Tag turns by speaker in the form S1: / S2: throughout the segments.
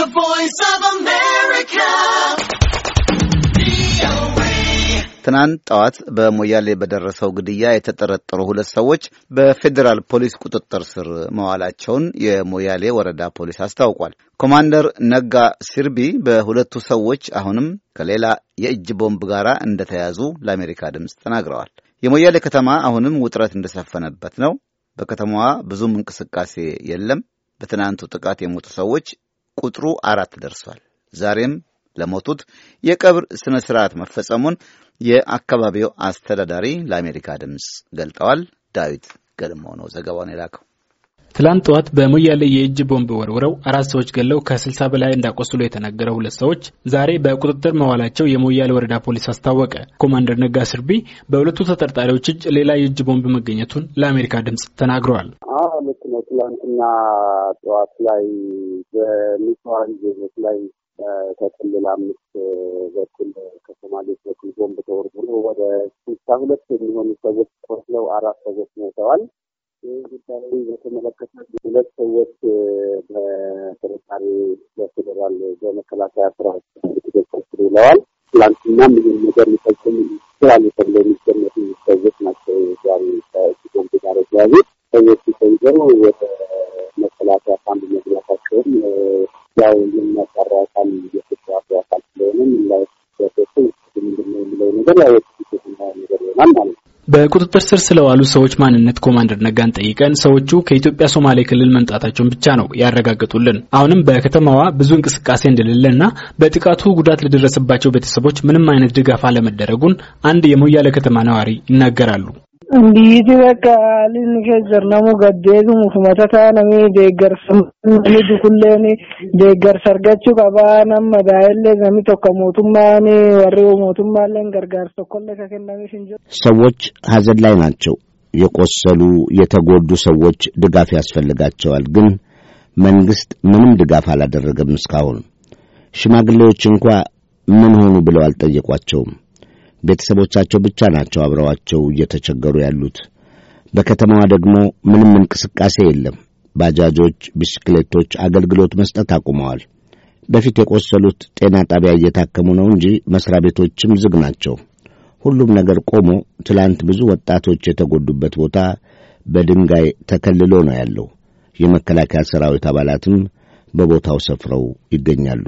S1: The Voice of America. ትናንት ጠዋት በሞያሌ በደረሰው ግድያ የተጠረጠሩ ሁለት ሰዎች በፌዴራል ፖሊስ ቁጥጥር ስር መዋላቸውን የሞያሌ ወረዳ ፖሊስ አስታውቋል። ኮማንደር ነጋ ሲርቢ በሁለቱ ሰዎች አሁንም ከሌላ የእጅ ቦምብ ጋር እንደተያዙ ለአሜሪካ ድምፅ ተናግረዋል። የሞያሌ ከተማ አሁንም ውጥረት እንደሰፈነበት ነው። በከተማዋ ብዙም እንቅስቃሴ የለም። በትናንቱ ጥቃት የሞቱ ሰዎች ቁጥሩ አራት ደርሷል። ዛሬም ለሞቱት የቀብር ስነ ስርዓት መፈጸሙን የአካባቢው አስተዳዳሪ ለአሜሪካ ድምፅ ገልጠዋል። ዳዊት ገልሞ ነው ዘገባውን የላከው።
S2: ትላንት ጠዋት በሞያሌ የእጅ ቦምብ ወርውረው አራት ሰዎች ገለው ከ60 በላይ እንዳቆስሉ የተነገረ ሁለት ሰዎች ዛሬ በቁጥጥር መዋላቸው የሞያሌ ወረዳ ፖሊስ አስታወቀ። ኮማንደር ነጋ ስርቢ በሁለቱ ተጠርጣሪዎች እጅ ሌላ የእጅ ቦምብ መገኘቱን ለአሜሪካ ድምፅ ተናግረዋል።
S1: ልክ ነው። ትላንትና ጠዋት ላይ በሚሰዋሪ ዜጎች ላይ ከክልል አምስት በኩል ከሶማሌዎች በኩል ቦምብ ተወርውሮ ወደ ስልሳ ሁለት የሚሆኑ ሰዎች ቆስለው አራት ሰዎች ሞተዋል።
S2: ይህ ጉዳይ
S1: በተመለከተ ሁለት ሰዎች በተረጣሪ በፌዴራል በመከላከያ ስራዎች ተጠርጥረው ውለዋል። ትላንትናም ይህን ነገር ሊፈጽም ይችላሉ ተብለው የሚገመቱ ሰዎች ናቸው። ዛሬ ከጎንብ ጋር የተያዙ ሰዎች ተይዘው ወደ መከላከያ ካምፕ መግባታቸውን ያው የሚያጣራ አካል የፍትህ አካል ስለሆነ ምላሽ ሰጡ ምንድነው የሚለው ነገር ያወ
S2: በቁጥጥር ስር ስለዋሉ ሰዎች ማንነት ኮማንደር ነጋን ጠይቀን ሰዎቹ ከኢትዮጵያ ሶማሌ ክልል መምጣታቸውን ብቻ ነው ያረጋግጡልን አሁንም በከተማዋ ብዙ እንቅስቃሴ እንደሌለና በጥቃቱ ጉዳት ለደረሰባቸው ቤተሰቦች ምንም አይነት ድጋፍ አለመደረጉን አንድ የሞያለ ከተማ ነዋሪ ይናገራሉ። እንዲት በቃል ንገዘር ነሙ ገደቱ ሙፍመተ ታነሚ ደገርሰኒ ዱኩለኒ ደገርሰ argachuu qaba namma daa'ille nami tokko mootummaan warri mootummaaleen gargaarsa tokkolle ከከናሚሽ
S1: ሰዎች ሀዘን ላይ ናቸው። የቆሰሉ የተጎዱ ሰዎች ድጋፍ ያስፈልጋቸዋል። ግን መንግሥት ምንም ድጋፍ አላደረገም። እስካሁን ሽማግሌዎች እንኳ ምን ሆኑ ብለው አልጠየቋቸውም። ቤተሰቦቻቸው ብቻ ናቸው አብረዋቸው እየተቸገሩ ያሉት። በከተማዋ ደግሞ ምንም እንቅስቃሴ የለም። ባጃጆች፣ ቢስክሌቶች አገልግሎት መስጠት አቁመዋል። በፊት የቆሰሉት ጤና ጣቢያ እየታከሙ ነው እንጂ መሥሪያ ቤቶችም ዝግ ናቸው። ሁሉም ነገር ቆሞ ትላንት ብዙ ወጣቶች የተጎዱበት ቦታ በድንጋይ ተከልሎ ነው ያለው። የመከላከያ ሠራዊት አባላትም በቦታው ሰፍረው ይገኛሉ።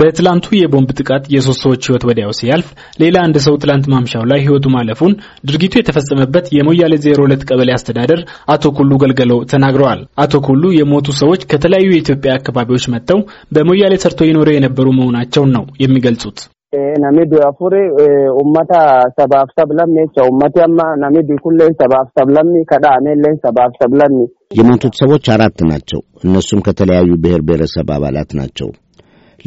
S2: በትላንቱ የቦምብ ጥቃት የሶስት ሰዎች ህይወት ወዲያው ሲያልፍ ሌላ አንድ ሰው ትላንት ማምሻው ላይ ህይወቱ ማለፉን ድርጊቱ የተፈጸመበት የሞያሌ 02 ቀበሌ አስተዳደር አቶ ኩሉ ገልገለው ተናግረዋል። አቶ ኩሉ የሞቱ ሰዎች ከተለያዩ የኢትዮጵያ አካባቢዎች መጥተው በሞያሌ ሰርቶ ይኖረው የነበሩ መሆናቸውን ነው የሚገልጹት። ናሚዱ አፉሪ
S1: ኡመታ ሰባፍ ሰብለሚ ኡመቲያማ ናሚዱ ኩሌ ሰባፍ ሰብለሚ ከዳሜሌ ሰባፍ ሰብለሚ የሞቱት ሰዎች አራት ናቸው። እነሱም ከተለያዩ ብሔር ብሔረሰብ አባላት ናቸው።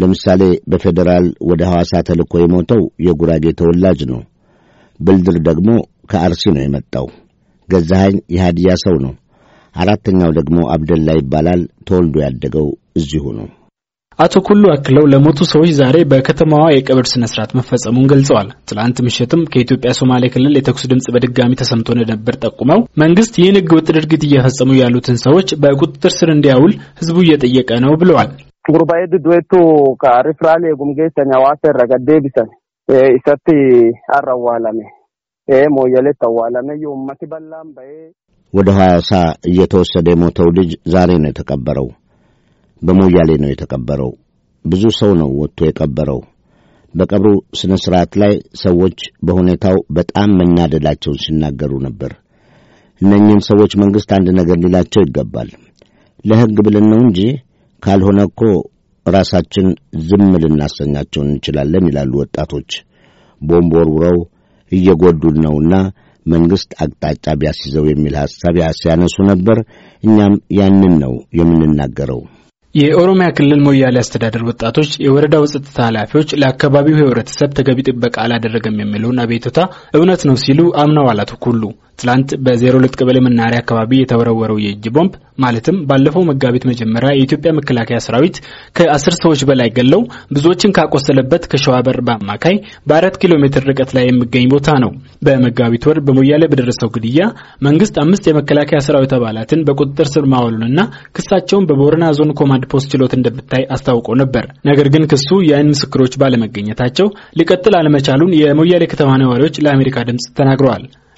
S1: ለምሳሌ በፌዴራል ወደ ሐዋሳ ተልኮ የሞተው የጉራጌ ተወላጅ ነው። ብልድር ደግሞ ከአርሲ ነው የመጣው። ገዛኸኝ የሃዲያ ሰው ነው። አራተኛው ደግሞ አብደላ ይባላል። ተወልዶ ያደገው እዚሁ ነው።
S2: አቶ ኩሉ አክለው ለሞቱ ሰዎች ዛሬ በከተማዋ የቀብር ስነ ስርዓት መፈጸሙን ገልጸዋል። ትላንት ምሽትም ከኢትዮጵያ ሶማሌ ክልል የተኩስ ድምፅ በድጋሚ ተሰምቶ እንደነበር ጠቁመው መንግስት ይህን ህገ ወጥ ድርጊት እየፈጸሙ ያሉትን ሰዎች በቁጥጥር ስር እንዲያውል ህዝቡ እየጠየቀ ነው ብለዋል።
S1: gurbaa'ee dudduetu ka rifraal eegum hawaasa irra gad e, isatti harra awwaalame ሞየሌት e, ተዋለነ የኡመት በላም በ ወደ ሀያሳ እየተወሰደ የሞተው ልጅ ዛሬ ነው የተቀበረው። በሞያሌ ነው የተቀበረው። ብዙ ሰው ነው ወጥቶ የቀበረው። በቀብሩ ሥነ ሥርዓት ላይ ሰዎች በሁኔታው በጣም መናደዳቸውን ሲናገሩ ነበር። እነኚህን ሰዎች መንግሥት አንድ ነገር ሊላቸው ይገባል። ለሕግ ብለን ነው እንጂ ካልሆነ እኮ ራሳችን ዝም ልናሰኛቸው እንችላለን ይላሉ ወጣቶች። ቦምብ ወርውረው እየጎዱን ነውና መንግሥት አቅጣጫ ቢያስይዘው የሚል ሐሳብ ሲያነሱ ነበር። እኛም ያንን ነው የምንናገረው።
S2: የኦሮሚያ ክልል ሞያሌ አስተዳደር ወጣቶች የወረዳው ጸጥታ ኃላፊዎች ለአካባቢው የህብረተሰብ ተገቢ ጥበቃ አላደረገም የሚለውን አቤቱታ እውነት ነው ሲሉ አምነዋል። አትኩሉ ትላንት በዜሮ ሁለት ቀበሌ መናኸሪያ አካባቢ የተወረወረው የእጅ ቦምብ ማለትም ባለፈው መጋቢት መጀመሪያ የኢትዮጵያ መከላከያ ሰራዊት ከአስር ሰዎች በላይ ገለው ብዙዎችን ካቆሰለበት ከሸዋ በር በአማካይ በአራት ኪሎ ሜትር ርቀት ላይ የሚገኝ ቦታ ነው። በመጋቢት ወር በሞያሌ በደረሰው ግድያ መንግስት አምስት የመከላከያ ሰራዊት አባላትን በቁጥጥር ስር ማዋሉንና ክሳቸውን በቦረና ዞን ኮማንድ ፖስት ችሎት እንደምታይ አስታውቆ ነበር። ነገር ግን ክሱ የአይን ምስክሮች ባለመገኘታቸው ሊቀጥል አለመቻሉን የሞያሌ ከተማ ነዋሪዎች ለአሜሪካ ድምፅ ተናግረዋል።